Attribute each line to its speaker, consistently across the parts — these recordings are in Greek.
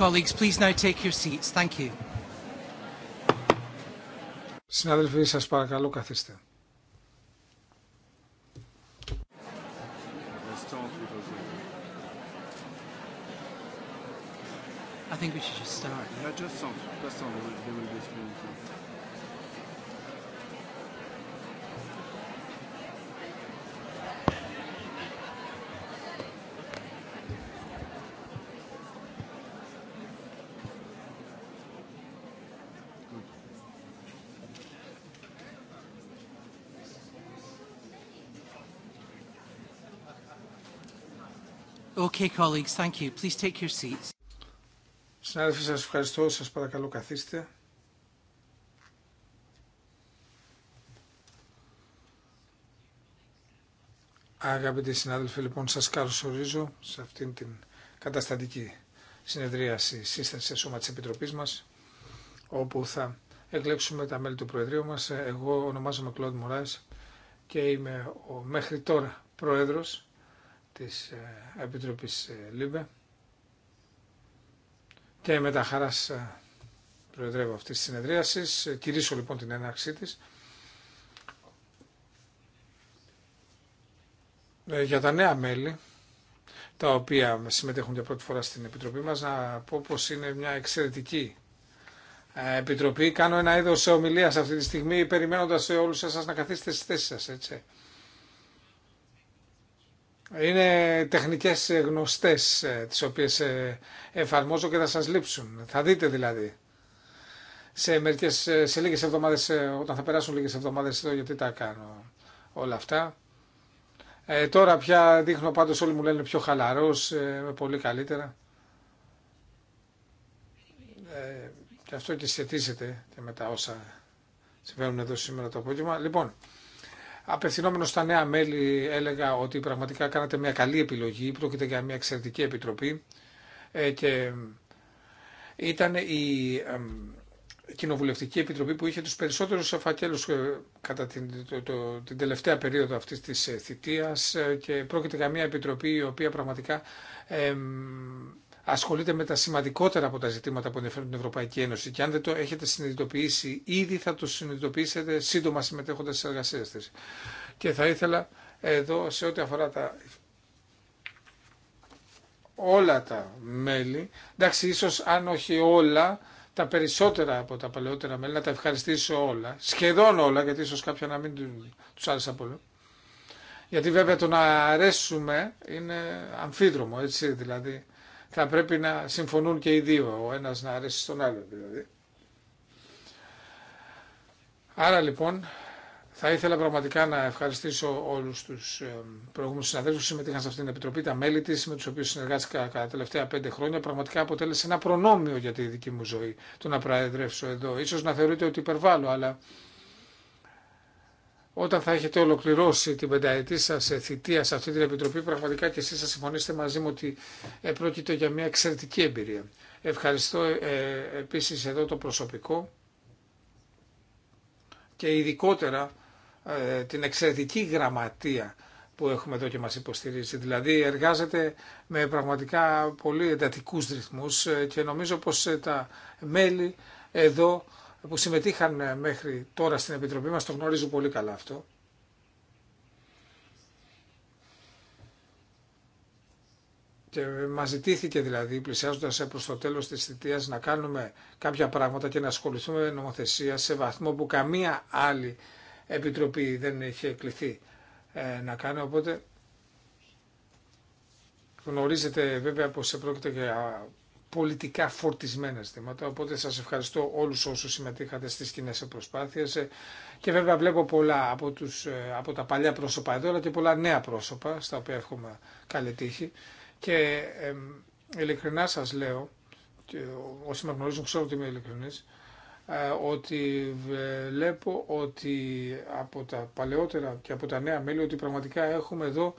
Speaker 1: Colleagues, please now take your seats. Thank you. Συνάδελφοι, σας παρακαλώ καθίστε. Okay, colleagues, thank you. Please take your seats. Συνάδελφοι, σας ευχαριστώ. Σας παρακαλώ καθίστε. Αγαπητοί συνάδελφοι, λοιπόν, σας καλωσορίζω σε αυτήν την καταστατική συνεδρίαση σύσταση σε σώμα της Επιτροπής μας, όπου θα εκλέξουμε τα μέλη του Προεδρείου μας. Εγώ ονομάζομαι Κλόντ Μωράης και είμαι ο μέχρι τώρα Πρόεδρος της ε, Επιτροπής ε, ΛΥΒΕ και με τα χαράς ε, προεδρεύω αυτής της συνεδρίασης. Κυρίσω λοιπόν την έναρξή της. Για τα νέα μέλη, τα οποία συμμετέχουν για πρώτη φορά στην Επιτροπή μας, να πω πως είναι μια εξαιρετική Επιτροπή. Κάνω ένα είδος ομιλίας αυτή τη στιγμή, περιμένοντας όλους σας να καθίσετε στις θέσεις σας, έτσι. Είναι τεχνικές γνωστές ε, τις οποίες ε, εφαρμόζω και θα σας λείψουν. Θα δείτε δηλαδή σε, μερικές, ε, σε λίγες εβδομάδες, όταν θα περάσουν λίγες εβδομάδες εδώ γιατί τα κάνω όλα αυτά. Ε, τώρα πια δείχνω πάντως όλοι μου λένε πιο χαλαρός, με πολύ καλύτερα. Ε, και αυτό και σχετίζεται και με τα όσα συμβαίνουν εδώ σήμερα το απόγευμα. Λοιπόν, Απευθυνόμενο στα νέα μέλη έλεγα ότι πραγματικά κάνατε μια καλή επιλογή, πρόκειται για μια εξαιρετική επιτροπή ε, και ήταν η Κοινοβουλευτική Επιτροπή που είχε τους περισσότερους φακέλους ε, κατά την, τελευταία περίοδο αυτής της ε, θητείας και πρόκειται για μια επιτροπή η οποία πραγματικά ασχολείται με τα σημαντικότερα από τα ζητήματα που ενδιαφέρουν την Ευρωπαϊκή Ένωση και αν δεν το έχετε συνειδητοποιήσει ήδη θα το συνειδητοποιήσετε σύντομα συμμετέχοντας στις εργασίες της. Και θα ήθελα εδώ σε ό,τι αφορά τα όλα τα μέλη, εντάξει ίσως αν όχι όλα, τα περισσότερα από τα παλαιότερα μέλη, να τα ευχαριστήσω όλα, σχεδόν όλα, γιατί ίσως κάποια να μην τους άρεσαν πολύ. Γιατί βέβαια το να αρέσουμε είναι αμφίδρομο, έτσι, δηλαδή θα πρέπει να συμφωνούν και οι δύο, ο ένας να αρέσει στον άλλο δηλαδή. Άρα λοιπόν θα ήθελα πραγματικά να ευχαριστήσω όλους τους προηγούμενους συναδέλφου που συμμετείχαν σε αυτήν την επιτροπή, τα μέλη της, με τους οποίους συνεργάστηκα κατά τα τελευταία πέντε χρόνια. Πραγματικά αποτέλεσε ένα προνόμιο για τη δική μου ζωή το να προεδρεύσω εδώ. Ίσως να θεωρείτε ότι υπερβάλλω, αλλά όταν θα έχετε ολοκληρώσει την πενταετή σα θητεία σε αυτή την επιτροπή, πραγματικά και εσεί θα συμφωνήσετε μαζί μου ότι ε, πρόκειται για μια εξαιρετική εμπειρία. Ευχαριστώ ε, ε επίση εδώ το προσωπικό και ειδικότερα ε, την εξαιρετική γραμματεία που έχουμε εδώ και μας υποστηρίζει. Δηλαδή εργάζεται με πραγματικά πολύ εντατικούς ρυθμούς και νομίζω πως τα μέλη εδώ που συμμετείχαν ε, μέχρι τώρα στην Επιτροπή μας το γνωρίζω πολύ καλά αυτό. Και ε, μα ζητήθηκε δηλαδή, πλησιάζοντα ε, προ το τέλο τη θητεία, να κάνουμε κάποια πράγματα και να ασχοληθούμε με νομοθεσία σε βαθμό που καμία άλλη επιτροπή δεν είχε κληθεί να κάνει. Οπότε γνωρίζετε βέβαια πω πρόκειται για πολιτικά φορτισμένα ζητήματα. Οπότε σας ευχαριστώ όλους όσους συμμετείχατε στις κοινέ προσπάθειες ε, και βέβαια βλέπω πολλά από, τους, ε, από τα παλιά πρόσωπα εδώ αλλά και πολλά νέα πρόσωπα στα οποία έχουμε καλή τύχη και ε, ειλικρινά σας λέω όσοι με γνωρίζουν ξέρω ότι είμαι ειλικρινής ε, ότι βλέπω ότι από τα παλαιότερα και από τα νέα μέλη ότι πραγματικά έχουμε εδώ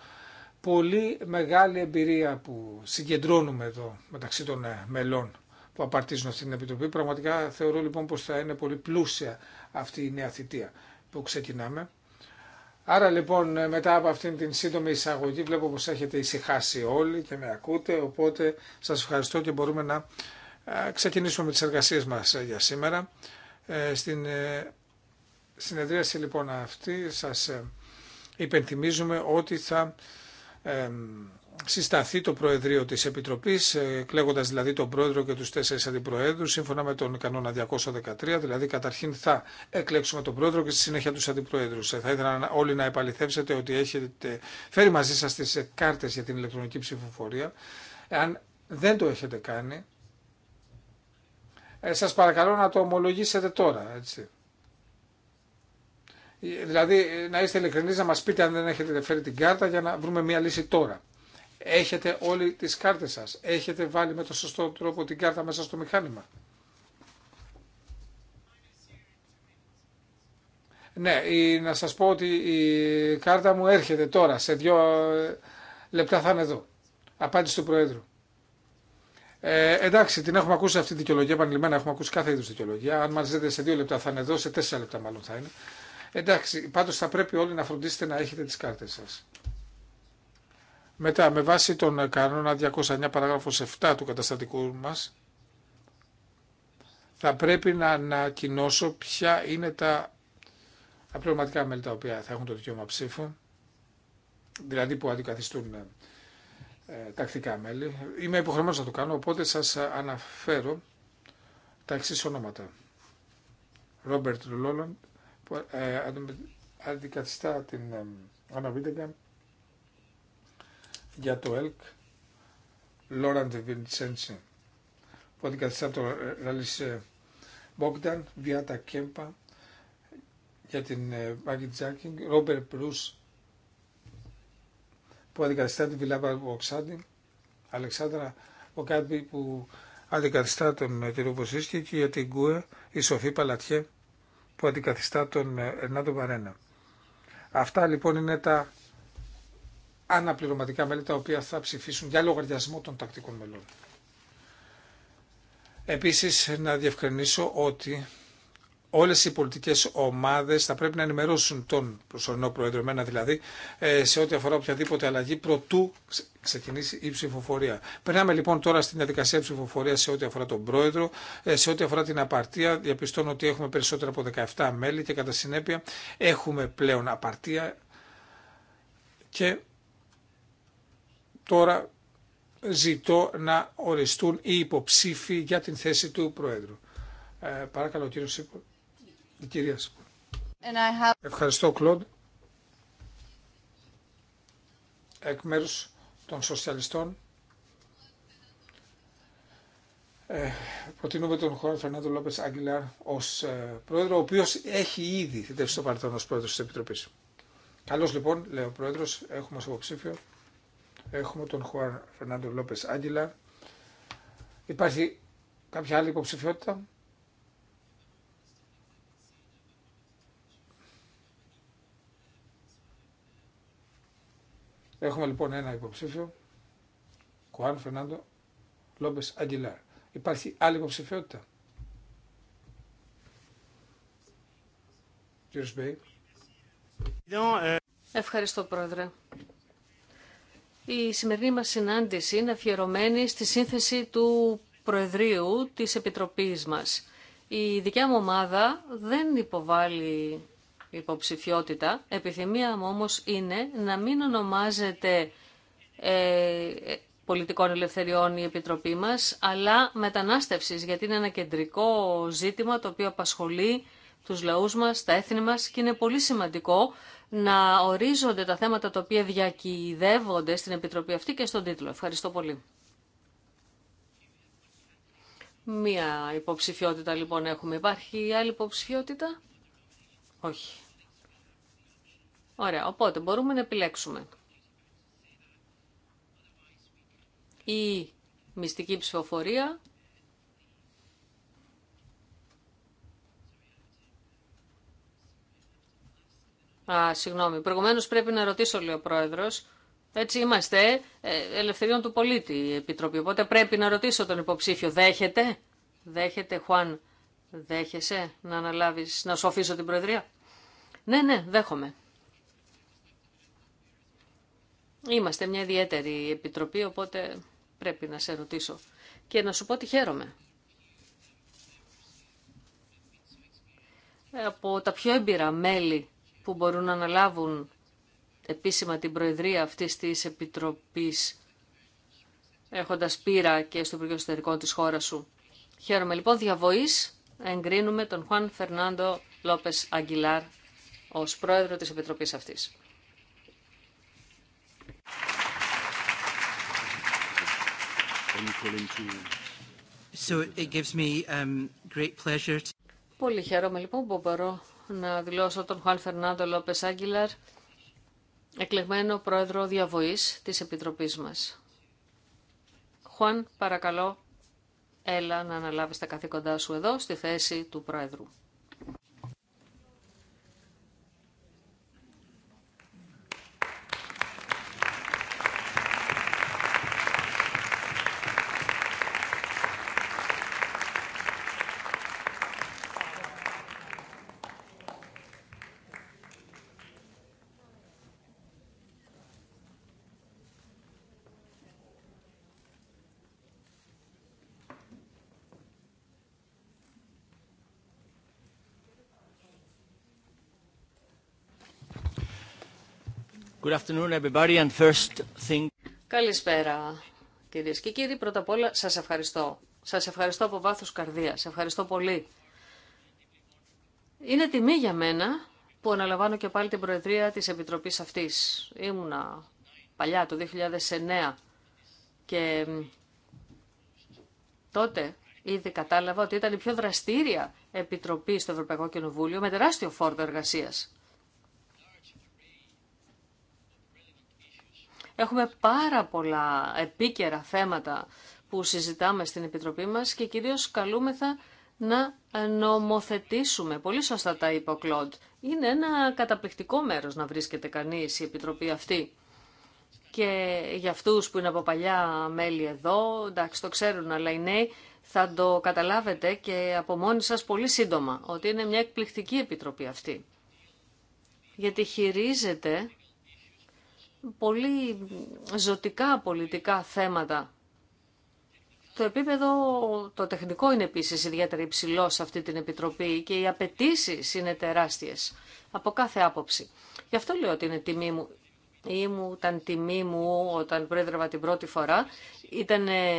Speaker 1: πολύ μεγάλη εμπειρία που συγκεντρώνουμε εδώ μεταξύ των ε, μελών που απαρτίζουν αυτή την Επιτροπή. Πραγματικά θεωρώ λοιπόν πως θα είναι πολύ πλούσια αυτή η νέα θητεία που ξεκινάμε. Άρα λοιπόν ε, μετά από αυτήν την σύντομη εισαγωγή βλέπω πως έχετε ησυχάσει όλοι και με ακούτε οπότε σας ευχαριστώ και μπορούμε να ε, ξεκινήσουμε με τις εργασίες μας για σήμερα. Στην συνεδρίαση λοιπόν αυτή σας υπενθυμίζουμε ότι θα συσταθεί το Προεδρείο της Επιτροπής, ε, κλέγοντας δηλαδή τον Πρόεδρο και τους τέσσερις αντιπροέδρους, σύμφωνα με τον κανόνα 213, δηλαδή καταρχήν θα εκλέξουμε τον Πρόεδρο και στη συνέχεια τους αντιπροέδρους. Ε, θα ήθελα όλοι να επαληθεύσετε ότι έχετε φέρει μαζί σας τις ε, κάρτες για την ηλεκτρονική ψηφοφορία. αν δεν το έχετε κάνει, σας παρακαλώ να το ομολογήσετε τώρα, έτσι. Δηλαδή, να είστε ειλικρινεί, να μα πείτε αν δεν έχετε φέρει την κάρτα για να βρούμε μια λύση τώρα. Έχετε όλοι τι κάρτε σα. Έχετε βάλει με τον σωστό τρόπο την κάρτα μέσα στο μηχάνημα. Ναι, να σας πω ότι η κάρτα μου έρχεται τώρα, σε δύο ε, λεπτά θα είναι εδώ. Απάντηση του Προέδρου. Ε, εντάξει, την έχουμε ακούσει αυτή τη δικαιολογία επανειλημμένα, έχουμε ακούσει κάθε είδους δικαιολογία. Αν μα σε δύο λεπτά θα είναι εδώ, σε τέσσερα λεπτά μάλλον θα είναι. Εντάξει, πάντως θα πρέπει όλοι να φροντίσετε να έχετε τις κάρτες σας. Μετά, με βάση τον κανόνα 209 παράγραφος 7 του καταστατικού μας, θα πρέπει να ανακοινώσω ποια είναι τα απληρωματικά μέλη τα οποία θα έχουν το δικαίωμα ψήφου, δηλαδή που αντικαθιστούν ε, τακτικά μέλη. Είμαι υποχρεωμένος να το κάνω, οπότε σας αναφέρω τα εξή ονόματα. Ρόμπερτ που ε, αντικαθιστά την ε, Άννα για το ΕΛΚ Λόραντ Βιντσέντσι που αντικαθιστά το Ραλίς ε, Μπόγκταν, Βιάτα Κέμπα για την Μάγκη Τζάκινγκ, Ρόμπερ Προύς που αντικαθιστά την Βιλάβα Βοξάντη, Αλεξάνδρα Οκάμπη που αντικαθιστά τον κύριο Βοσίσκη και για την Κούε η Σοφή Παλατιέ που αντικαθιστά τον ε, Ερνάντο Βαρένα. Αυτά λοιπόν είναι τα αναπληρωματικά μέλη τα οποία θα ψηφίσουν για λογαριασμό των τακτικών μελών. Επίσης να διευκρινίσω ότι Όλε οι πολιτικέ ομάδε θα πρέπει να ενημερώσουν τον προσωρινό πρόεδρο, εμένα δηλαδή, ε, σε ό,τι αφορά οποιαδήποτε αλλαγή προτού ξεκινήσει η ψηφοφορία. Περνάμε λοιπόν τώρα στην διαδικασία ψηφοφορία σε ό,τι αφορά τον πρόεδρο, ε, σε ό,τι αφορά την απαρτία. Διαπιστώνω ότι έχουμε περισσότερα από 17 μέλη και κατά συνέπεια έχουμε πλέον απαρτία και τώρα ζητώ να οριστούν οι υποψήφοι για την θέση του Πρόεδρου. Ε, παρακαλώ κύριο Ευχαριστώ, Κλοντ. Εκ μέρους των σοσιαλιστών ε, προτείνουμε τον Χωάν Φερνάντο Λόπες Αγγιλάρ ως ε, πρόεδρο, ο οποίος έχει ήδη θετεύσει το παρελθόν ως πρόεδρος της Επιτροπής. Καλώς λοιπόν, λέει ο πρόεδρος, έχουμε ως υποψήφιο, έχουμε τον Χωάν Φερνάντο Λόπες Αγγιλάρ. Υπάρχει κάποια άλλη υποψηφιότητα. Έχουμε λοιπόν ένα υποψήφιο, Κουάν Φερνάντο Λόμπε Αγγιλάρ. Υπάρχει άλλη υποψηφιότητα.
Speaker 2: Ευχαριστώ πρόεδρε. Η σημερινή μας συνάντηση είναι αφιερωμένη στη σύνθεση του προεδρίου της Επιτροπής μας. Η δικιά μου ομάδα δεν υποβάλλει υποψηφιότητα. Επιθυμία μου όμως είναι να μην ονομάζεται ε, πολιτικών ελευθεριών η Επιτροπή μας, αλλά μετανάστευσης, γιατί είναι ένα κεντρικό ζήτημα το οποίο απασχολεί τους λαούς μας, τα έθνη μας και είναι πολύ σημαντικό να ορίζονται τα θέματα τα οποία διακυδεύονται στην Επιτροπή αυτή και στον τίτλο. Ευχαριστώ πολύ. Μία υποψηφιότητα λοιπόν έχουμε. Υπάρχει άλλη υποψηφιότητα. Όχι. Ωραία, οπότε μπορούμε να επιλέξουμε. Ή μυστική ψηφοφορία Α, συγγνώμη. Προηγουμένως πρέπει να ρωτήσω, λέει ο Πρόεδρος. Έτσι είμαστε ε, ελευθεριών του πολίτη, η Επιτροπή. Οπότε πρέπει να ρωτήσω τον υποψήφιο. Δέχεται, δέχεται, Χουάν Δέχεσαι να αναλάβεις, να σου αφήσω την Προεδρία. Ναι, ναι, δέχομαι. Είμαστε μια ιδιαίτερη επιτροπή, οπότε πρέπει να σε ρωτήσω. Και να σου πω ότι χαίρομαι. Από τα πιο έμπειρα μέλη που μπορούν να αναλάβουν επίσημα την Προεδρία αυτή της Επιτροπής, έχοντας πείρα και στο Υπουργείο Εσωτερικών της χώρας σου. Χαίρομαι λοιπόν διαβοή εγκρίνουμε τον Χουάν Φερνάντο Λόπες Αγγιλάρ ως πρόεδρο της Επιτροπής αυτής. Um, Πολύ χαίρομαι λοιπόν που μπορώ να δηλώσω τον Χουάν Φερνάντο Λόπες Άγγιλαρ εκλεγμένο πρόεδρο διαβοής της Επιτροπής μας. Χουάν, παρακαλώ, έλα να αναλάβεις τα καθήκοντά σου εδώ στη θέση του Πρόεδρου.
Speaker 1: Good afternoon everybody and first thing...
Speaker 2: Καλησπέρα κυρίες και κύριοι. Πρώτα απ' όλα σας ευχαριστώ. Σας ευχαριστώ από βάθος καρδίας. Ευχαριστώ πολύ. Είναι τιμή για μένα που αναλαμβάνω και πάλι την Προεδρία της Επιτροπής αυτής. Ήμουνα παλιά το 2009 και τότε ήδη κατάλαβα ότι ήταν η πιο δραστήρια Επιτροπή στο Ευρωπαϊκό Κοινοβούλιο με τεράστιο φόρτο εργασίας. Έχουμε πάρα πολλά επίκαιρα θέματα που συζητάμε στην Επιτροπή μας και κυρίως καλούμεθα να νομοθετήσουμε. Πολύ σωστά τα είπε ο Κλοντ. Είναι ένα καταπληκτικό μέρος να βρίσκεται κανείς η Επιτροπή αυτή. Και για αυτούς που είναι από παλιά μέλη εδώ, εντάξει το ξέρουν, αλλά οι νέοι θα το καταλάβετε και από μόνοι σας πολύ σύντομα, ότι είναι μια εκπληκτική Επιτροπή αυτή. Γιατί χειρίζεται πολύ ζωτικά πολιτικά θέματα. Το επίπεδο το τεχνικό είναι επίσης ιδιαίτερα υψηλό σε αυτή την Επιτροπή και οι απαιτήσει είναι τεράστιες από κάθε άποψη. Γι' αυτό λέω ότι είναι τιμή μου ή ήταν τιμή μου όταν πρόεδρευα την πρώτη φορά. Ήταν ε,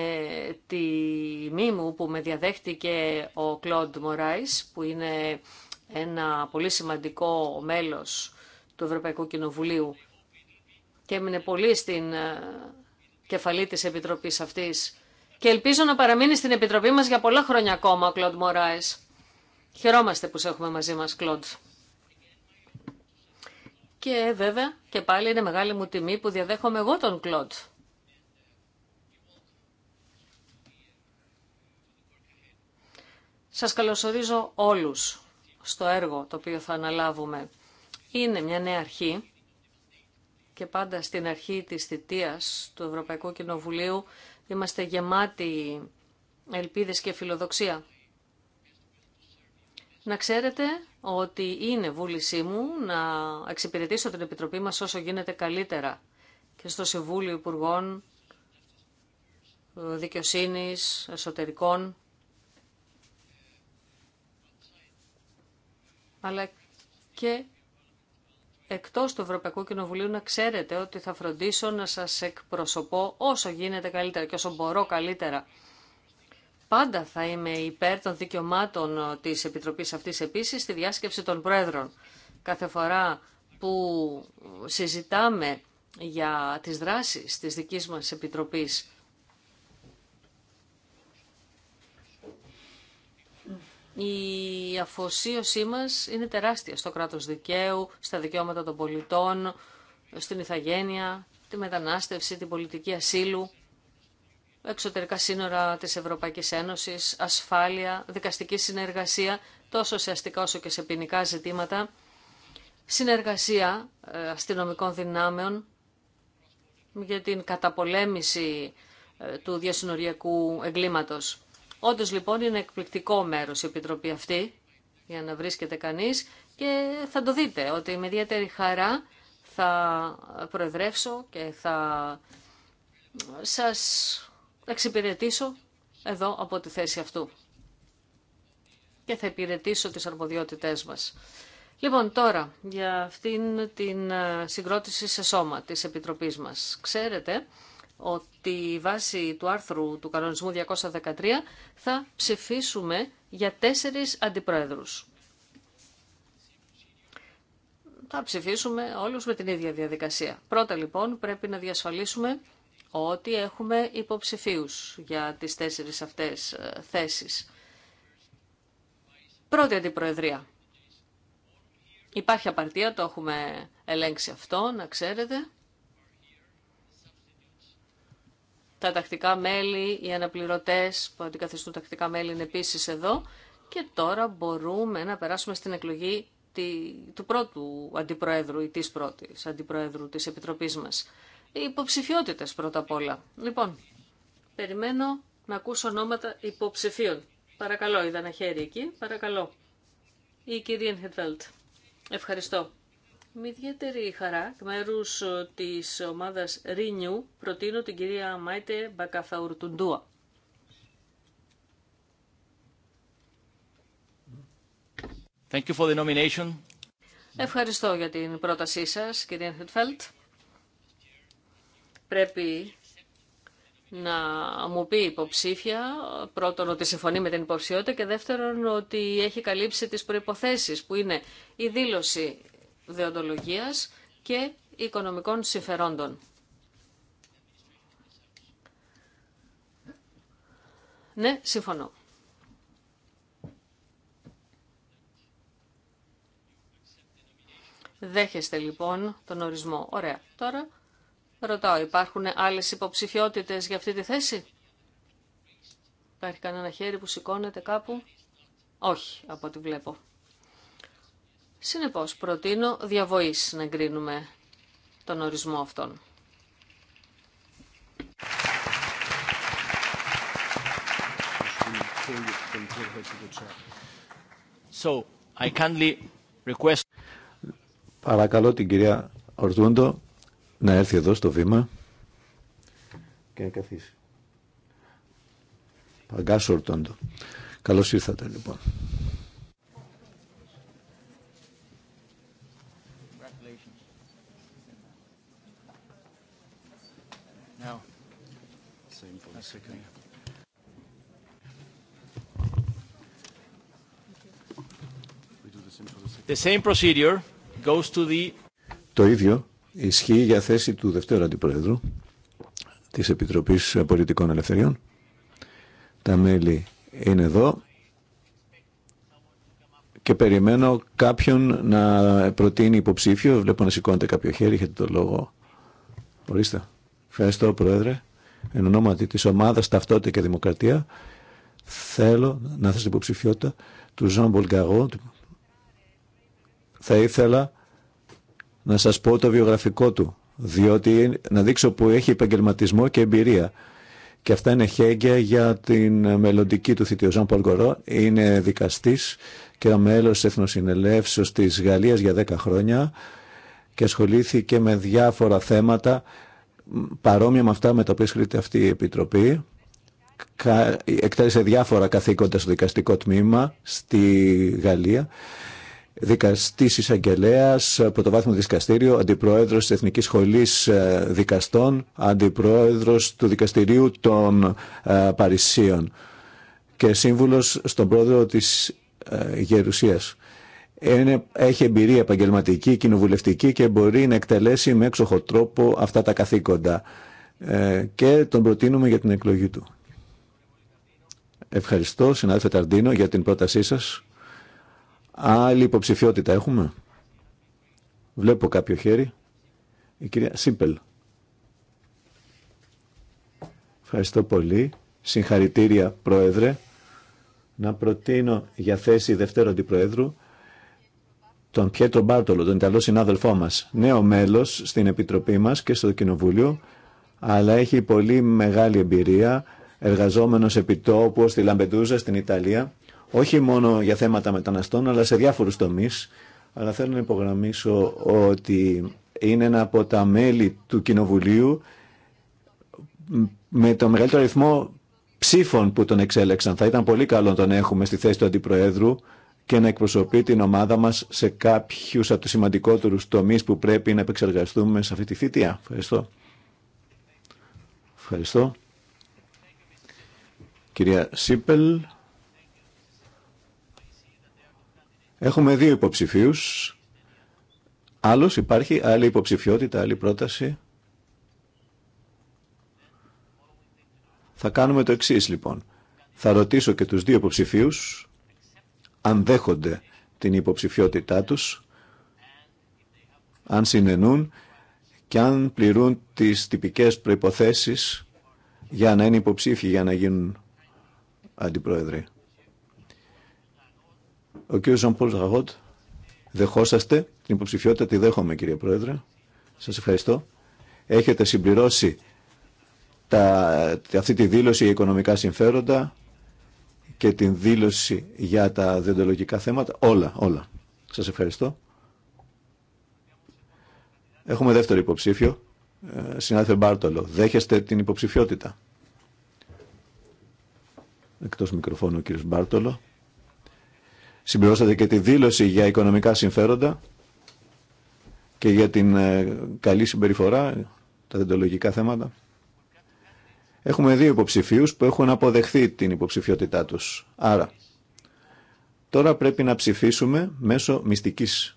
Speaker 2: τιμή μου που με διαδέχτηκε ο Κλοντ Μωράης, που είναι ένα πολύ σημαντικό μέλος του Ευρωπαϊκού Κοινοβουλίου και έμεινε πολύ στην ε, κεφαλή της Επιτροπής αυτής. Και ελπίζω να παραμείνει στην Επιτροπή μας για πολλά χρόνια ακόμα ο Κλοντ Μωράες. Χαιρόμαστε που σε έχουμε μαζί μας, Κλοντ. Και βέβαια και πάλι είναι μεγάλη μου τιμή που διαδέχομαι εγώ τον Κλοντ. Σας καλωσορίζω όλους στο έργο το οποίο θα αναλάβουμε. Είναι μια νέα αρχή και πάντα στην αρχή της θητείας του Ευρωπαϊκού Κοινοβουλίου είμαστε γεμάτοι ελπίδες και φιλοδοξία. Να ξέρετε ότι είναι βούλησή μου να εξυπηρετήσω την Επιτροπή μας όσο γίνεται καλύτερα και στο Συμβούλιο Υπουργών Δικαιοσύνης, Εσωτερικών, αλλά και εκτός του Ευρωπαϊκού Κοινοβουλίου να ξέρετε ότι θα φροντίσω να σας εκπροσωπώ όσο γίνεται καλύτερα και όσο μπορώ καλύτερα. Πάντα θα είμαι υπέρ των δικαιωμάτων της Επιτροπής αυτής επίσης στη διάσκεψη των Πρόεδρων. Κάθε φορά που συζητάμε για τις δράσεις της δικής μας Επιτροπής η αφοσίωσή μας είναι τεράστια στο κράτος δικαίου, στα δικαιώματα των πολιτών, στην ηθαγένεια, τη μετανάστευση, την πολιτική ασύλου, εξωτερικά σύνορα της Ευρωπαϊκής Ένωσης, ασφάλεια, δικαστική συνεργασία, τόσο σε αστικά όσο και σε ποινικά ζητήματα, συνεργασία ε, αστυνομικών δυνάμεων για την καταπολέμηση ε, του διασυνοριακού εγκλήματος. Όντως λοιπόν είναι εκπληκτικό μέρος η Επιτροπή αυτή για να βρίσκεται κανείς και θα το δείτε ότι με ιδιαίτερη χαρά θα προεδρεύσω και θα σας εξυπηρετήσω εδώ από τη θέση αυτού και θα υπηρετήσω τις αρμοδιότητές μας. Λοιπόν, τώρα, για αυτήν την συγκρότηση σε σώμα της Επιτροπής μας. Ξέρετε ότι βάσει του άρθρου του κανονισμού 213 θα ψηφίσουμε για τέσσερις αντιπρόεδρους. Θα ψηφίσουμε όλους με την ίδια διαδικασία. Πρώτα λοιπόν πρέπει να διασφαλίσουμε ότι έχουμε υποψηφίους για τις τέσσερις αυτές ε, θέσεις. Πρώτη αντιπροεδρία. Υπάρχει απαρτία, το έχουμε ελέγξει αυτό, να ξέρετε. τα τακτικά μέλη, οι αναπληρωτές που αντικαθιστούν τακτικά μέλη είναι επίσης εδώ και τώρα μπορούμε να περάσουμε στην εκλογή του πρώτου αντιπροέδρου ή της πρώτης αντιπροέδρου της Επιτροπής μας. Οι υποψηφιότητες πρώτα απ' όλα. Λοιπόν, περιμένω να ακούσω ονόματα υποψηφίων. Παρακαλώ, είδα ένα χέρι εκεί. Παρακαλώ. Η κυρία Χετβέλτ. Ευχαριστώ. Με ιδιαίτερη χαρά, εκ μέρου ε, τη ομάδα Renew, προτείνω την κυρία Μάιτε Μπακαθαουρτουντούα. Ευχαριστώ για την πρότασή σας, κυρία Χιτφέλτ. Πρέπει να μου πει υποψήφια, πρώτον ότι συμφωνεί με την υποψιότητα και δεύτερον ότι έχει καλύψει τις προϋποθέσεις που είναι η δήλωση δεοντολογίας και οικονομικών συμφερόντων. Ναι, συμφωνώ. Δέχεστε λοιπόν τον ορισμό. Ωραία. Τώρα ρωτάω, υπάρχουν άλλες υποψηφιότητες για αυτή τη θέση. Υπάρχει κανένα χέρι που σηκώνεται κάπου. Όχι, από ό,τι βλέπω. Συνεπώς, προτείνω διαβοής να εγκρίνουμε τον ορισμό αυτόν. So,
Speaker 1: I kindly request...
Speaker 3: Παρακαλώ την κυρία Ορτούντο να έρθει εδώ στο βήμα και να καθίσει. Παγκάσο Ορτούντο. Καλώς ήρθατε λοιπόν. Το ίδιο ισχύει για θέση του Δευτέρου Αντιπρόεδρου της Επιτροπής Πολιτικών Ελευθεριών. Τα μέλη είναι εδώ και περιμένω κάποιον να προτείνει υποψήφιο. Βλέπω να σηκώνεται κάποιο χέρι, έχετε το λόγο. Ορίστε. Ευχαριστώ, Πρόεδρε εν ονόματι της ομάδας Ταυτότητα και Δημοκρατία θέλω να θέσω την υποψηφιότητα του Ζαν Μπολγκαρό. Θα ήθελα να σας πω το βιογραφικό του, διότι να δείξω που έχει επαγγελματισμό και εμπειρία. Και αυτά είναι χέγγια για την μελλοντική του θητή Ο Ζαν Πολγκορό είναι δικαστής και μέλος Εθνοσυνελεύσεως της Γαλλίας για 10 χρόνια και ασχολήθηκε με διάφορα θέματα παρόμοια με αυτά με τα οποία αυτή η Επιτροπή. Εκτέλεσε διάφορα καθήκοντα στο δικαστικό τμήμα στη Γαλλία. Δικαστή εισαγγελέα, πρωτοβάθμιο δικαστήριο, αντιπρόεδρο τη Εθνική Σχολή ε, Δικαστών, αντιπρόεδρο του Δικαστηρίου των ε, Παρισίων και σύμβουλο στον πρόεδρο τη ε, Γερουσίας έχει εμπειρία επαγγελματική, κοινοβουλευτική και μπορεί να εκτελέσει με έξοχο τρόπο αυτά τα καθήκοντα. Ε, και τον προτείνουμε για την εκλογή του. Ευχαριστώ, συνάδελφε Ταρντίνο, για την πρότασή σας. Άλλη υποψηφιότητα έχουμε. Βλέπω κάποιο χέρι. Η κυρία Σίπελ. Ευχαριστώ πολύ. Συγχαρητήρια, Πρόεδρε. Να προτείνω για θέση δευτέρου αντιπροέδρου τον Πιέτρο Μπάρτολο, τον Ιταλό συνάδελφό μα. νέο μέλος στην Επιτροπή μας και στο Κοινοβούλιο, αλλά έχει πολύ μεγάλη εμπειρία, εργαζόμενος επιτόπου στη Λαμπεντούζα, στην Ιταλία, όχι μόνο για θέματα μεταναστών, αλλά σε διάφορους τομείς. Αλλά θέλω να υπογραμμίσω ότι είναι ένα από τα μέλη του Κοινοβουλίου με το μεγαλύτερο αριθμό ψήφων που τον εξέλεξαν. Θα ήταν πολύ καλό να τον έχουμε στη θέση του Αντιπροέδρου και να εκπροσωπεί την ομάδα μας σε κάποιους από τους σημαντικότερους τομείς που πρέπει να επεξεργαστούμε σε αυτή τη θητεία. Ευχαριστώ. Ευχαριστώ. Κυρία Σίπελ. Έχουμε δύο υποψηφίους. Άλλος υπάρχει, άλλη υποψηφιότητα, άλλη πρόταση. Θα κάνουμε το εξής λοιπόν. Θα ρωτήσω και τους δύο υποψηφίους αν δέχονται την υποψηφιότητά τους, αν συνενούν και αν πληρούν τις τυπικές προϋποθέσεις για να είναι υποψήφιοι για να γίνουν αντιπρόεδροι. Ο κ. Ζαν Πολ Ζαγότ, δεχόσαστε την υποψηφιότητα, τη δέχομαι κύριε Πρόεδρε. Σας ευχαριστώ. Έχετε συμπληρώσει τα, αυτή τη δήλωση για οικονομικά συμφέροντα και την δήλωση για τα διοντολογικά θέματα. Όλα, όλα. Σας ευχαριστώ. Έχουμε δεύτερο υποψήφιο. Ε, συνάδελφε Μπάρτολο, δέχεστε την υποψηφιότητα. Εκτός μικροφώνου ο κύριος Μπάρτολο. Συμπληρώσατε και τη δήλωση για οικονομικά συμφέροντα και για την ε, καλή συμπεριφορά, τα δεντολογικά θέματα. Έχουμε δύο υποψηφίους που έχουν αποδεχθεί την υποψηφιότητά τους. Άρα, τώρα πρέπει να ψηφίσουμε μέσω μυστικής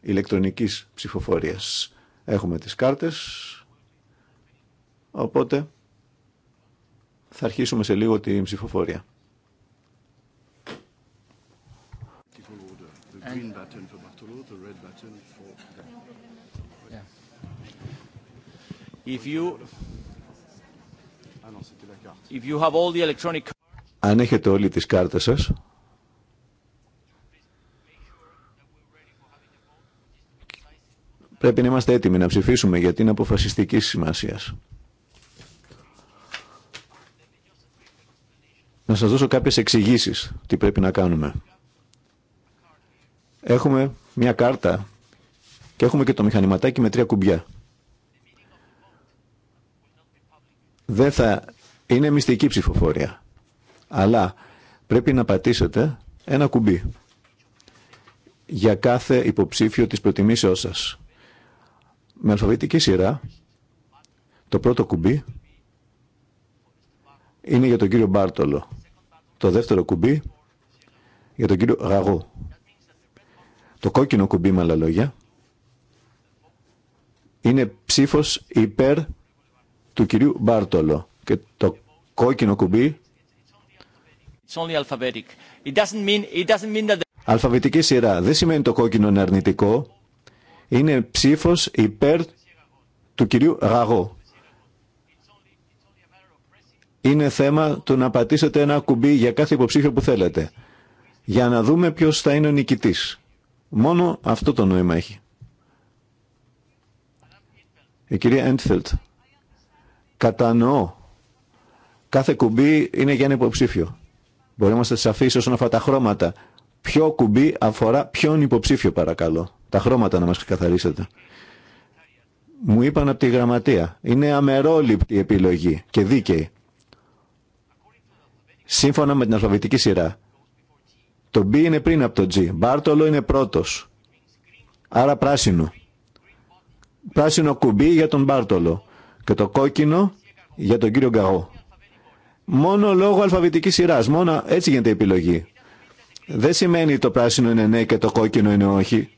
Speaker 3: ηλεκτρονικής ψηφοφορίας. Έχουμε τις κάρτες, οπότε θα αρχίσουμε σε λίγο την ψηφοφορία. Αν έχετε όλοι τις κάρτες σας, πρέπει να είμαστε έτοιμοι να ψηφίσουμε γιατί είναι αποφασιστική σημασία. Να σας δώσω κάποιες εξηγήσεις τι πρέπει να κάνουμε. Έχουμε μια κάρτα και έχουμε και το μηχανηματάκι με τρία κουμπιά. δεν θα είναι μυστική ψηφοφορία. Αλλά πρέπει να πατήσετε ένα κουμπί για κάθε υποψήφιο της προτιμήσεώς σας. Με αλφαβητική σειρά, το πρώτο κουμπί είναι για τον κύριο Μπάρτολο. Το δεύτερο κουμπί για τον κύριο Ραγό. Το κόκκινο κουμπί, με άλλα λόγια, είναι ψήφος υπέρ του κυρίου Μπάρτολο. Και το κόκκινο κουμπί. Αλφαβητική σειρά. Δεν σημαίνει το κόκκινο είναι αρνητικό. Είναι ψήφο υπέρ του κυρίου Ραγό. Είναι θέμα του να πατήσετε ένα κουμπί για κάθε υποψήφιο που θέλετε. Για να δούμε ποιο θα είναι ο νικητής. Μόνο αυτό το νόημα έχει. Η κυρία Έντφελτ κατανοώ. Κάθε κουμπί είναι για ένα υποψήφιο. Μπορεί να είμαστε σαφεί όσον αφορά τα χρώματα. Ποιο κουμπί αφορά ποιον υποψήφιο, παρακαλώ. Τα χρώματα να μα καθαρίσετε. Μου είπαν από τη γραμματεία. Είναι αμερόληπτη επιλογή και δίκαιη. Σύμφωνα με την αλφαβητική σειρά. Το B είναι πριν από το G. Μπάρτολο είναι πρώτο. Άρα πράσινο. Πράσινο κουμπί για τον Μπάρτολο και το κόκκινο για τον κύριο Γκαγό. Μόνο λόγω αλφαβητική σειρά. Μόνο έτσι γίνεται η επιλογή. Δεν σημαίνει το πράσινο είναι ναι και το κόκκινο είναι όχι.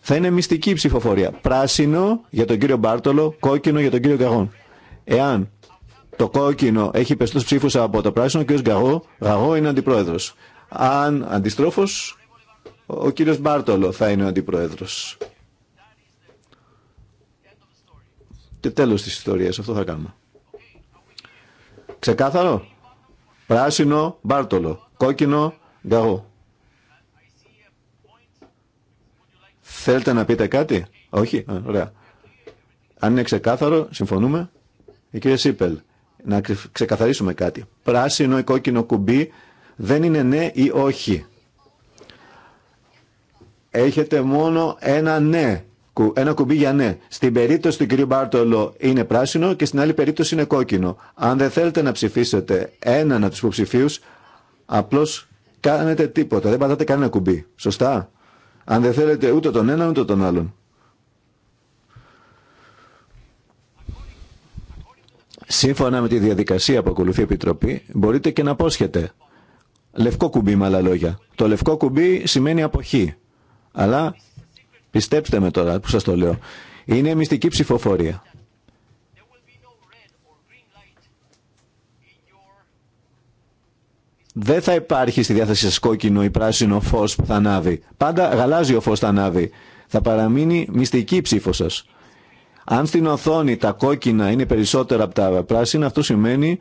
Speaker 3: Θα είναι μυστική ψηφοφορία. Πράσινο για τον κύριο Μπάρτολο, κόκκινο για τον κύριο Γκαγόν. Εάν το κόκκινο έχει περισσότερου ψήφου από το πράσινο, ο κύριο Γκαγό, Γαγό είναι αντιπρόεδρο. Αν αντιστρόφω, ο κύριο Μπάρτολο θα είναι ο αντιπρόεδρο. και τέλος της ιστορίας. Αυτό θα κάνουμε. Ξεκάθαρο. Πράσινο, μπάρτολο. Κόκκινο, γκαγό. Θέλετε να πείτε κάτι. Όχι. ωραία. Αν είναι ξεκάθαρο, συμφωνούμε. Η κυρία Σίπελ, να ξεκαθαρίσουμε κάτι. Πράσινο ή κόκκινο κουμπί δεν είναι ναι ή όχι. Έχετε μόνο ένα ναι ένα κουμπί για ναι. Στην περίπτωση του κ. Μπάρτολο είναι πράσινο και στην άλλη περίπτωση είναι κόκκινο. Αν δεν θέλετε να ψηφίσετε έναν από του υποψηφίου, απλώ κάνετε τίποτα. Δεν πατάτε κανένα κουμπί. Σωστά. Αν δεν θέλετε ούτε τον έναν ούτε τον άλλον. Σύμφωνα με τη διαδικασία που ακολουθεί η Επιτροπή, μπορείτε και να πόσχετε. Λευκό κουμπί με άλλα λόγια. Το λευκό κουμπί σημαίνει αποχή. Αλλά Πιστέψτε με τώρα που σας το λέω. Είναι μυστική ψηφοφορία. Δεν θα υπάρχει στη διάθεση σας κόκκινο ή πράσινο φως που θα ανάβει. Πάντα γαλάζιο φως θα ανάβει. Θα παραμείνει μυστική ψήφο σας. Αν στην οθόνη τα κόκκινα είναι περισσότερα από τα πράσινα, αυτό σημαίνει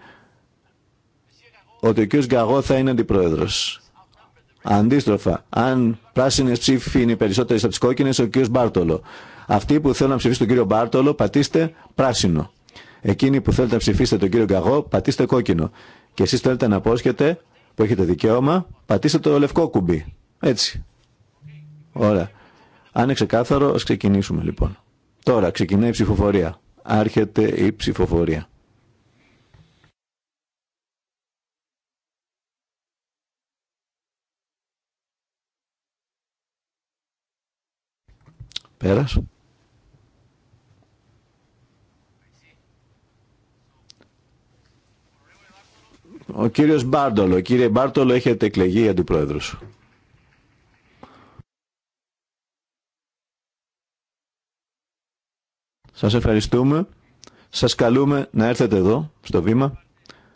Speaker 3: ότι ο κ. Γκαγό θα είναι αντιπρόεδρος. Αντίστροφα, αν πράσινε ψήφοι είναι οι περισσότερε από τι κόκκινε, ο κύριο Μπάρτολο. Αυτοί που θέλουν να ψηφίσουν τον κύριο Μπάρτολο, πατήστε πράσινο. Εκείνοι που θέλετε να ψηφίσετε τον κύριο Γκαγό, πατήστε κόκκινο. Και εσεί θέλετε να πόσχετε, που έχετε δικαίωμα, πατήστε το λευκό κουμπί. Έτσι. Ωραία. Αν είναι ξεκάθαρο, α ξεκινήσουμε λοιπόν. Τώρα ξεκινάει η ψηφοφορία. Άρχεται η ψηφοφορία. Ο κύριος Μπάρτολο. Κύριε Μπάρτολο, έχετε εκλεγεί αντιπρόεδρος. Σας ευχαριστούμε. Σας καλούμε να έρθετε εδώ, στο βήμα,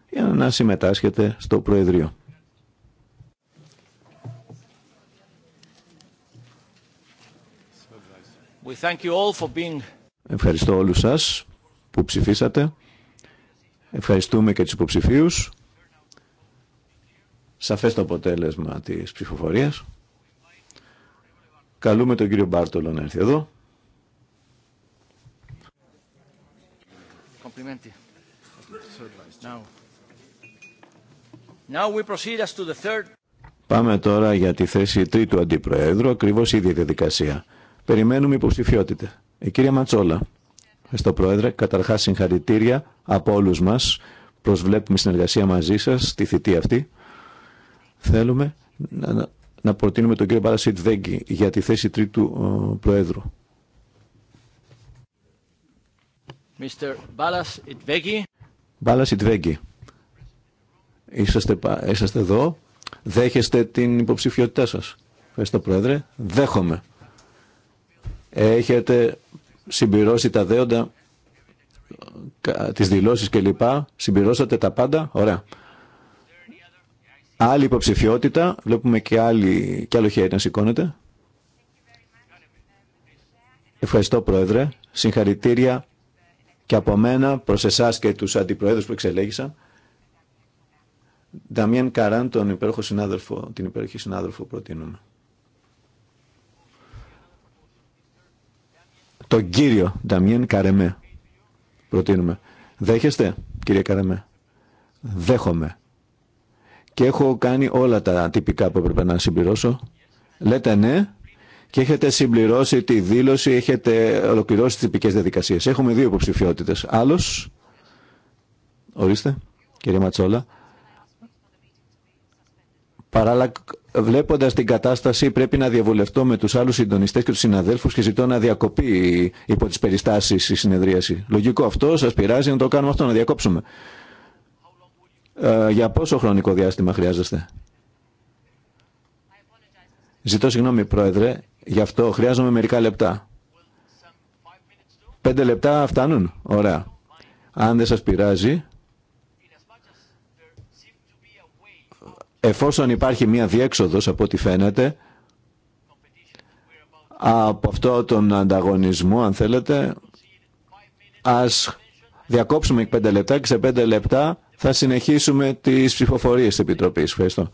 Speaker 3: για να συμμετάσχετε στο Προεδρείο. Ευχαριστώ όλους σας που ψηφίσατε. Ευχαριστούμε και τους υποψηφίους. Σαφές το αποτέλεσμα της ψηφοφορίας. Καλούμε τον κύριο Μπάρτολο να έρθει εδώ. Πάμε τώρα για τη θέση τρίτου αντιπροέδρου, ακριβώς η διαδικασία. Περιμένουμε υποψηφιότητα. Η ε, κυρία Ματσόλα. Ευχαριστώ, Πρόεδρε. Καταρχά, συγχαρητήρια από όλου μα. Προσβλέπουμε συνεργασία μαζί σα στη θητεία αυτή. Θέλουμε να, να προτείνουμε τον κύριο Μπάρασιτ για τη θέση τρίτου Προέδρου.
Speaker 1: Mr. Σιτβέγγι.
Speaker 3: Itvegi. Είσαστε, είσαστε εδώ. Δέχεστε την υποψηφιότητά σας. Ευχαριστώ, Πρόεδρε. Δέχομαι έχετε συμπληρώσει τα δέοντα, τις δηλώσεις κλπ. Συμπληρώσατε τα πάντα. Ωραία. Άλλη υποψηφιότητα. Βλέπουμε και, άλλη, και άλλο χέρι να σηκώνεται. Ευχαριστώ Πρόεδρε. Συγχαρητήρια και από μένα προς εσάς και τους αντιπροέδρους που εξελέγησαν. Νταμιάν Καράν, τον υπέροχο συνάδελφο, την υπέροχη συνάδελφο προτείνουμε. τον κύριο Νταμιέν Καρεμέ. Προτείνουμε. Δέχεστε, κύριε Καρεμέ. Δέχομαι. Και έχω κάνει όλα τα τυπικά που έπρεπε να συμπληρώσω. Λέτε ναι και έχετε συμπληρώσει τη δήλωση, έχετε ολοκληρώσει τις τυπικές διαδικασίες. Έχουμε δύο υποψηφιότητε. Άλλος, ορίστε, κύριε Ματσόλα, παράλλα Βλέποντα την κατάσταση, πρέπει να διαβουλευτώ με του άλλου συντονιστέ και του συναδέλφου και ζητώ να διακοπεί υπό τι περιστάσει η συνεδρίαση. Λογικό αυτό, σα πειράζει να το κάνουμε αυτό, να διακόψουμε. Ε, για πόσο χρονικό διάστημα χρειάζεστε. Ζητώ συγγνώμη, Πρόεδρε, γι' αυτό χρειάζομαι μερικά λεπτά. Πέντε λεπτά φτάνουν. Ωραία. Αν δεν σας πειράζει, εφόσον υπάρχει μία διέξοδος από ό,τι φαίνεται από αυτό τον ανταγωνισμό αν θέλετε ας διακόψουμε 5 λεπτά και σε 5 λεπτά θα συνεχίσουμε τις ψηφοφορίες της Επιτροπής. Ευχαριστώ.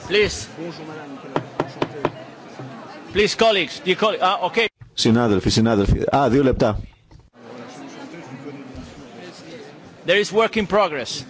Speaker 2: Please.
Speaker 1: Please, colleagues. Colleagues. Ah, okay.
Speaker 3: Συνάδελφοι, συνάδελφοι. Α, δύο λεπτά.
Speaker 1: There is work in progress.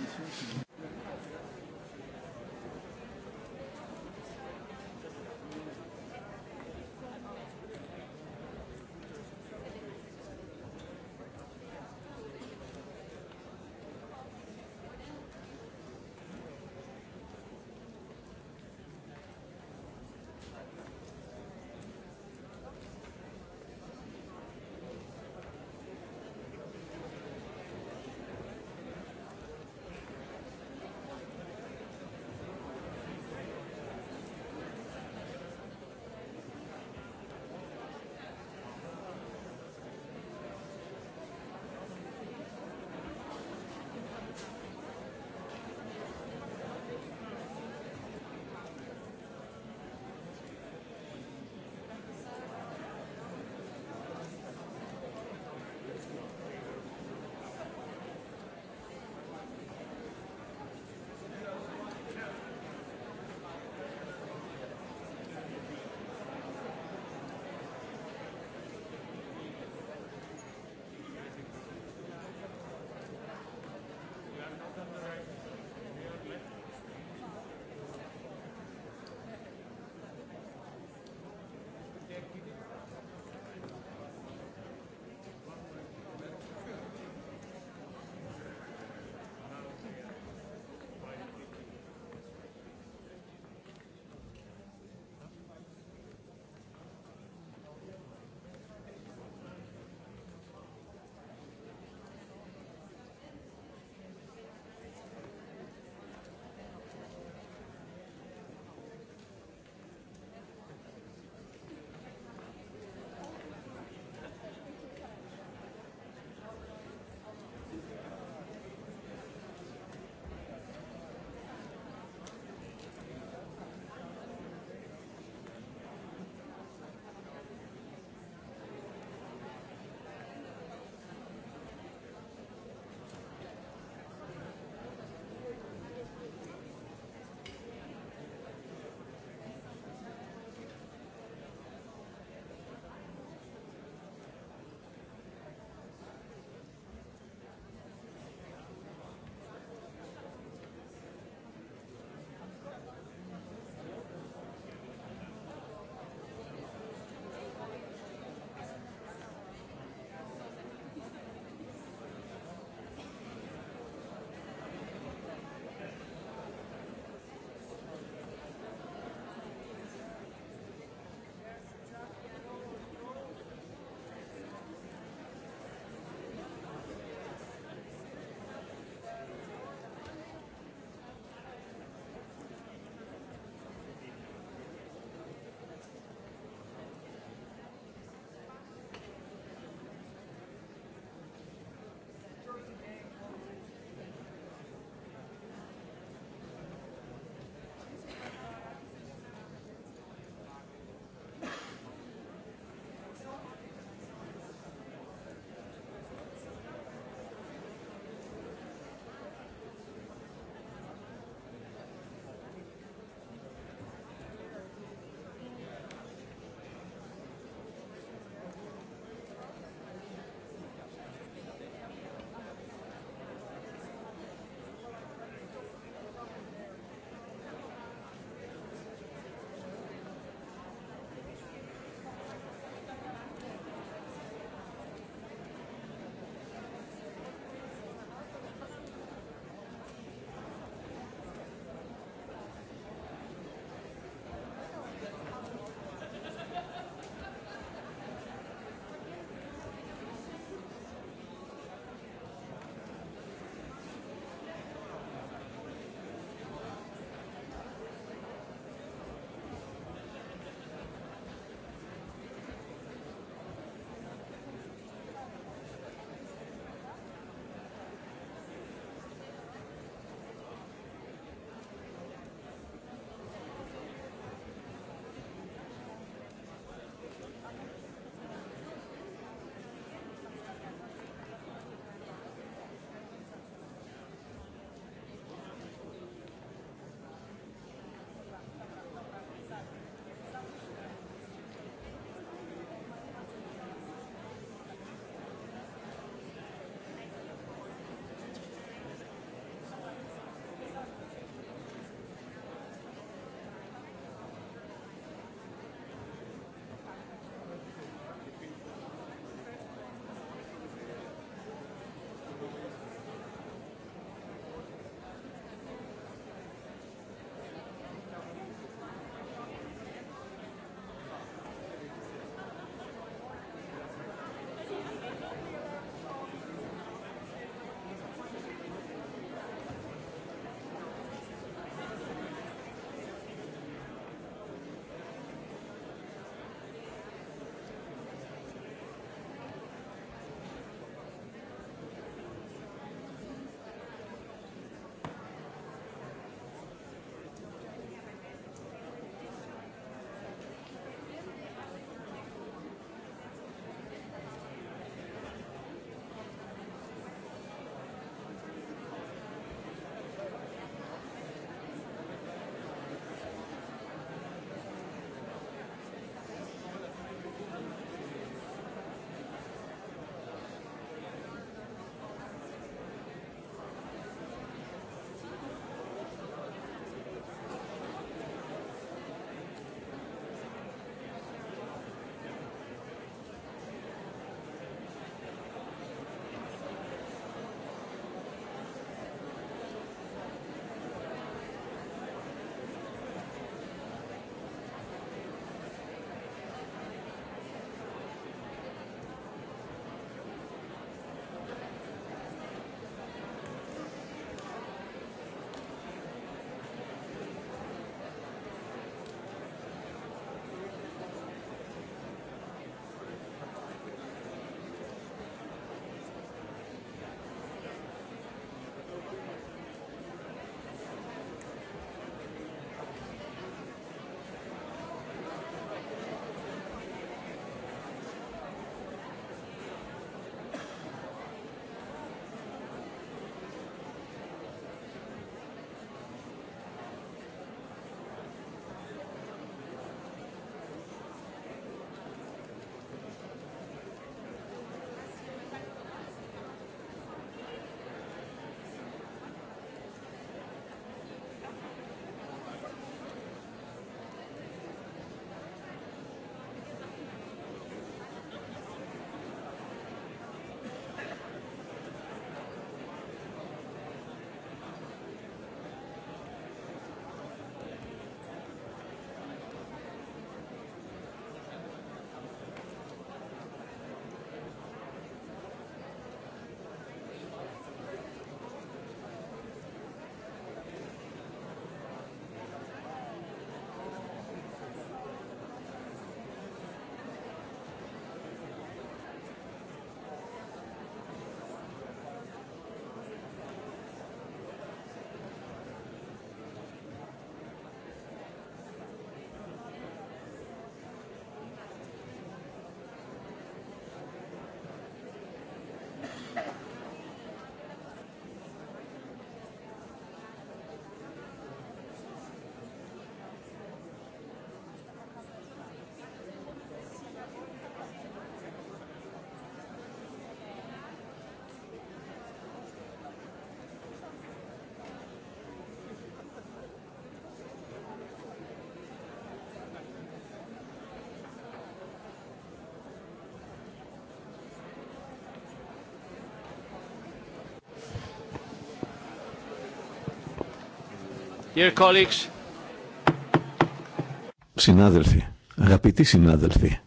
Speaker 3: Συνάδελφοι, αγαπητοί συνάδελφοι,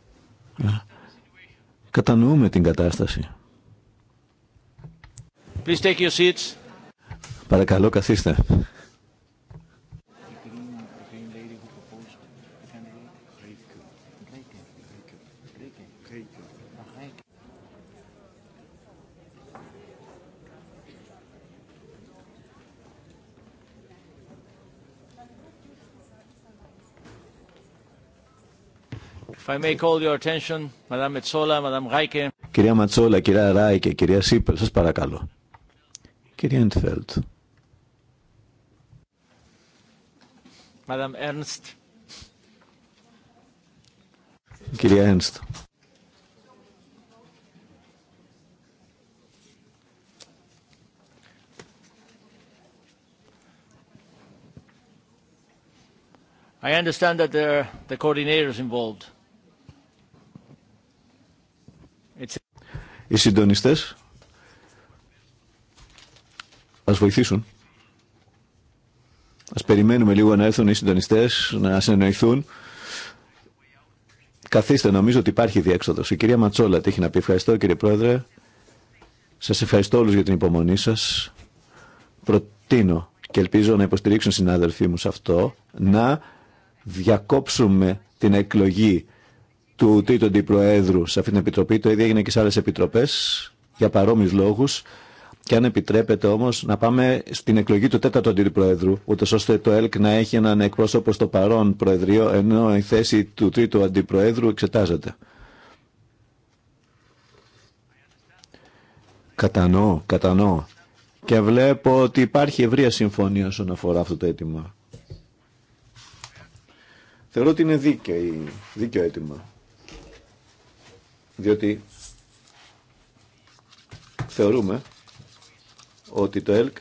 Speaker 3: κατανοούμε την κατάσταση. Please take your seats. Παρακαλώ καθίστε.
Speaker 1: I may call your attention, Madame Madame Reike.
Speaker 3: Κυρία Ματσόλα, κυρία Ράικε, κυρία Σίπελ, σας παρακαλώ. Κυρία Εντφέλτ.
Speaker 1: Madame Ernst. I understand that there are the coordinators involved.
Speaker 3: οι συντονιστές ας βοηθήσουν. Ας περιμένουμε λίγο να έρθουν οι συντονιστές, να συνεννοηθούν. Καθίστε, νομίζω ότι υπάρχει διέξοδος. Η κυρία Ματσόλα τι έχει να πει. Ευχαριστώ κύριε Πρόεδρε. Σας ευχαριστώ όλους για την υπομονή σας. Προτείνω και ελπίζω να υποστηρίξουν συνάδελφοί μου σε αυτό, να διακόψουμε την εκλογή του τρίτου αντιπροέδρου σε αυτή την επιτροπή. Το ίδιο έγινε και σε άλλε επιτροπέ για παρόμοιου λόγου. Και αν επιτρέπετε όμω να πάμε στην εκλογή του τέταρτου αντιπροέδρου, ούτω ώστε το ΕΛΚ να έχει έναν εκπρόσωπο στο παρόν Προεδρείο, ενώ η θέση του τρίτου αντιπροέδρου εξετάζεται. Κατανοώ, κατανοώ. Και βλέπω ότι υπάρχει ευρεία συμφωνία όσον αφορά αυτό το αίτημα. Θεωρώ ότι είναι δίκαιο, δίκαιο αίτημα διότι θεωρούμε ότι το ΕΛΚ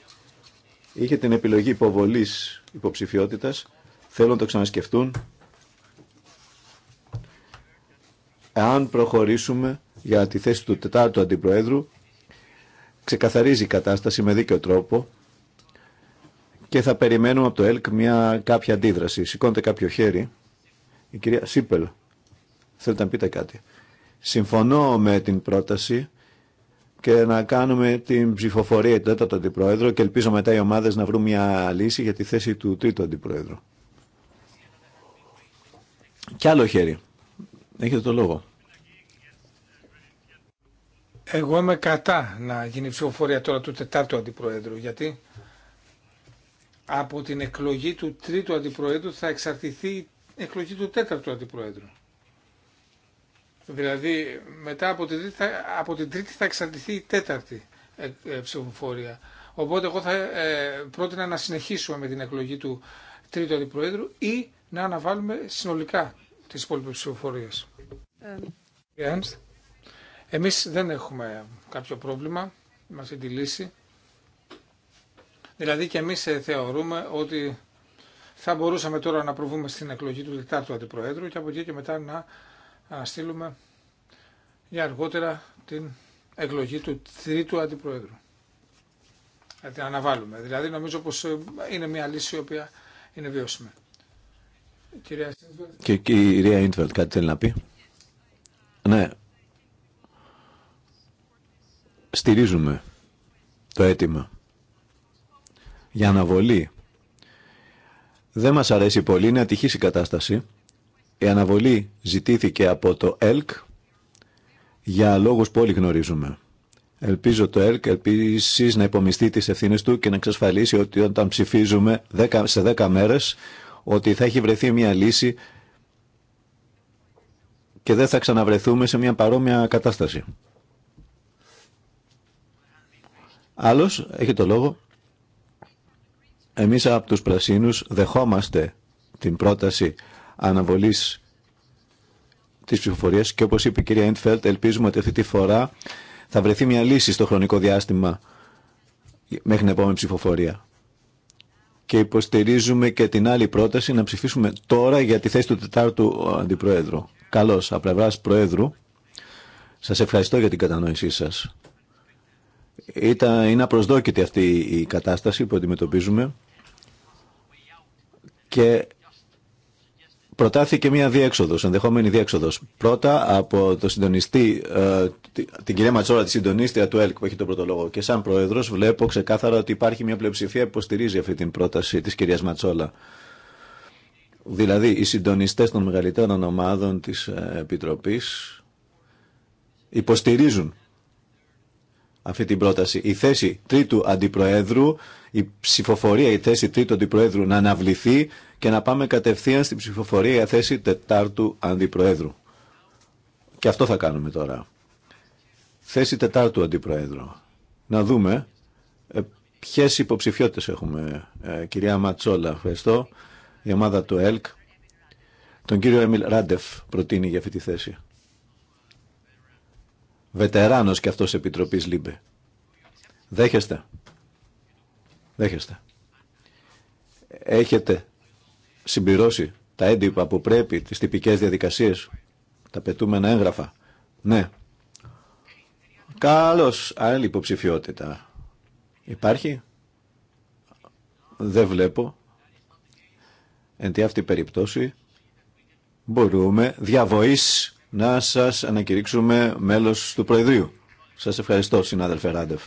Speaker 3: είχε την επιλογή υποβολής υποψηφιότητας, θέλουν να το ξανασκεφτούν, αν προχωρήσουμε για τη θέση του τετάρτου αντιπροέδρου, ξεκαθαρίζει η κατάσταση με δίκαιο τρόπο και θα περιμένουμε από το ΕΛΚ μια κάποια αντίδραση. Σηκώνεται κάποιο χέρι. Η κυρία Σίπελ, θέλετε να πείτε κάτι. Συμφωνώ με την πρόταση και να κάνουμε την ψηφοφορία του τέταρτου αντιπρόεδρου και ελπίζω μετά οι ομάδες να βρουν μια λύση για τη θέση του τρίτου αντιπρόεδρου. Κι άλλο χέρι. Έχετε το λόγο.
Speaker 1: Εγώ είμαι κατά να γίνει ψηφοφορία τώρα του τετάρτου αντιπρόεδρου, γιατί από την εκλογή του τρίτου αντιπροέδρου θα εξαρτηθεί η εκλογή του τέταρτου αντιπροέδρου. Δηλαδή μετά από την τρίτη θα, από τρίτη εξαρτηθεί η τέταρτη ε, ε, ψηφοφόρια. Οπότε εγώ θα ε, πρότεινα να συνεχίσουμε με την εκλογή του τρίτου αντιπροέδρου ή να αναβάλουμε συνολικά τις υπόλοιπες ψηφοφορίες. Ε, εμείς δεν έχουμε κάποιο πρόβλημα με αυτή τη λύση. Δηλαδή και εμείς θεωρούμε ότι θα μπορούσαμε τώρα να προβούμε στην εκλογή του τετάρτου αντιπροέδρου και από εκεί και μετά να να στείλουμε για αργότερα την εκλογή του τρίτου αντιπροέδρου. Να ε, την αναβάλουμε. Δηλαδή νομίζω πως ε, είναι μια λύση η οποία είναι βιώσιμη. Κυρία
Speaker 3: Και κυρία Ίντβελτ κάτι θέλει να πει. Ναι. Στηρίζουμε το αίτημα για αναβολή. Δεν μας αρέσει πολύ, είναι ατυχής η κατάσταση. Η αναβολή ζητήθηκε από το ΕΛΚ για λόγους που όλοι γνωρίζουμε. Ελπίζω το ΕΛΚ επίση να υπομειστεί τις ευθύνε του και να εξασφαλίσει ότι όταν ψηφίζουμε σε 10 μέρες ότι θα έχει βρεθεί μια λύση και δεν θα ξαναβρεθούμε σε μια παρόμοια κατάσταση. Άλλος, έχει το λόγο. Εμείς από τους Πρασίνους δεχόμαστε την πρόταση αναβολής της ψηφοφορίας και όπως είπε η κυρία Ιντφέλτ ελπίζουμε ότι αυτή τη φορά θα βρεθεί μια λύση στο χρονικό διάστημα μέχρι την επόμενη ψηφοφορία. Και υποστηρίζουμε και την άλλη πρόταση να ψηφίσουμε τώρα για τη θέση του τετάρτου αντιπρόεδρου. Καλώς, πλευρά Προέδρου, σας ευχαριστώ για την κατανόησή σα. είναι απροσδόκητη αυτή η κατάσταση που αντιμετωπίζουμε και προτάθηκε μια διέξοδο, ενδεχόμενη διέξοδο. Πρώτα από το συντονιστή, ε, την κυρία Ματσόρα, τη συντονίστρια του ΕΛΚ που έχει τον πρώτο λόγο. Και σαν προέδρο βλέπω ξεκάθαρα ότι υπάρχει μια πλειοψηφία που υποστηρίζει αυτή την πρόταση τη κυρία Ματσόλα. Δηλαδή, οι συντονιστέ των μεγαλύτερων ομάδων τη ε, Επιτροπής υποστηρίζουν αυτή την πρόταση. Η θέση τρίτου αντιπροέδρου, η ψηφοφορία, η θέση τρίτου αντιπροέδρου να αναβληθεί και να πάμε κατευθείαν στην ψηφοφορία για θέση τετάρτου αντιπροέδρου. Και αυτό θα κάνουμε τώρα. Θέση τετάρτου αντιπροέδρου. Να δούμε ε, ποιες υποψηφιότητες έχουμε. Ε, κυρία Ματσόλα, ευχαριστώ. Η ομάδα του ΕΛΚ. Τον κύριο Έμιλ Ράντεφ προτείνει για αυτή τη θέση. Βετεράνος και αυτός Επιτροπής ΛΥΜΠΕ. Δέχεστε. Δέχεστε. Έχετε συμπληρώσει τα έντυπα που πρέπει, τις τυπικές διαδικασίες, τα πετούμενα έγγραφα. Ναι. Καλώς, άλλη υποψηφιότητα. Υπάρχει. Δεν βλέπω. Εν τη αυτή περιπτώσει μπορούμε διαβοής να σας ανακηρύξουμε μέλος του Προεδρείου. Σας ευχαριστώ συνάδελφε Ράντεφ.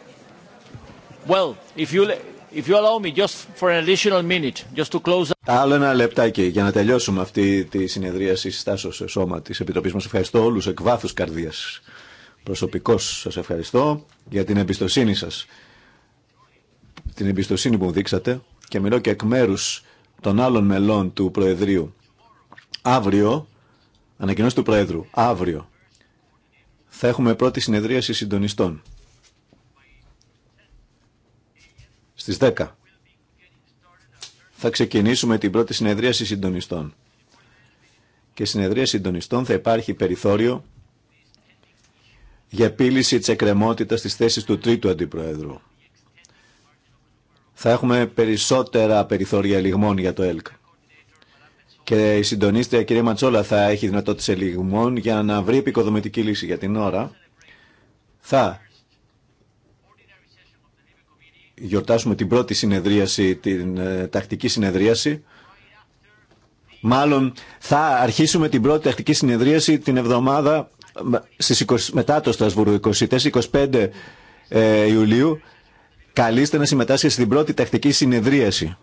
Speaker 3: Άλλο ένα λεπτάκι για να τελειώσουμε αυτή τη συνεδρίαση στάσεως σε σώμα τη Επιτροπή μα Ευχαριστώ όλου εκ βάθου καρδίας. Προσωπικώ σας ευχαριστώ για την εμπιστοσύνη σας. Την εμπιστοσύνη που μου δείξατε και μιλώ και εκ μέρου των άλλων μελών του Προεδρείου. Αύριο, ανακοινώσει του Προέδρου, αύριο θα έχουμε πρώτη συνεδρίαση συντονιστών. στις 10. Θα ξεκινήσουμε την πρώτη συνεδρίαση συντονιστών. Και συνεδρία συντονιστών θα υπάρχει περιθώριο για επίλυση της εκκρεμότητας της θέσης του τρίτου αντιπροέδρου. Θα έχουμε περισσότερα περιθώρια λιγμών για το ΕΛΚ. Και η συντονίστρια κυρία Ματσόλα θα έχει σε λιγμών για να βρει επικοδομητική λύση για την ώρα. Θα γιορτάσουμε την πρώτη συνεδρίαση, την ε, τακτική συνεδρίαση. Μάλλον θα αρχίσουμε την πρώτη τακτική συνεδρίαση την εβδομάδα στις 20, μετά το Στρασβούργο, 24-25 ε, Ιουλίου. Καλείστε να συμμετάσχετε στην πρώτη τακτική συνεδρίαση.